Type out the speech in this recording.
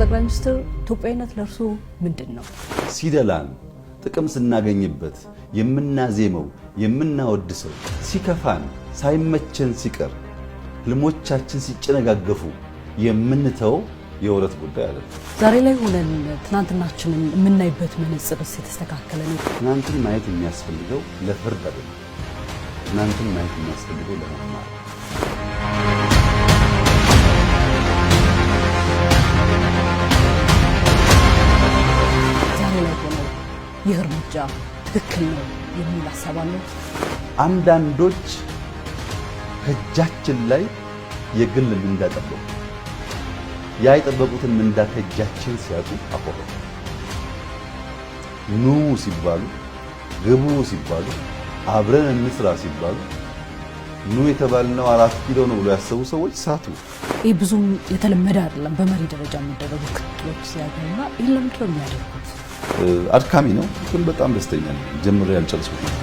ጠቅላይ ሚኒስትር ኢትዮጵያዊነት ለእርሱ ምንድን ነው? ሲደላን ጥቅም ስናገኝበት የምናዜመው የምናወድሰው፣ ሲከፋን ሳይመቸን ሲቀር ህልሞቻችን ሲጨነጋገፉ የምንተው የውረት ጉዳይ አለ። ዛሬ ላይ ሆነን ትናንትናችንን የምናይበት መነጽርስ የተስተካከለ ነው? ትናንትን ማየት የሚያስፈልገው ለፍርድ አይደለም። ትናንትን ማየት የሚያስፈልገው ለመማር ይህ እርምጃ ትክክል ነው የሚል ሀሳብ አለ። አንዳንዶች ከእጃችን ላይ የግል ምንዳ ጠበቁ። ያ የጠበቁትን ምንዳ ከእጃችን ሲያጡ አኮረ ኑ ሲባሉ ግቡ ሲባሉ አብረን እንስራ ሲባሉ ኑ የተባልነው አራት ኪሎ ነው ብሎ ያሰቡ ሰዎች ሳቱ። ይህ ብዙም የተለመደ አይደለም። በመሪ ደረጃ የሚደረጉ ክትሎች ሲያገኙና ይህ ለምንድነው የሚያደርጉት? አድካሚ ነው፣ ግን በጣም ደስተኛ ነኝ። ጀምሬ ያልጨረስኩት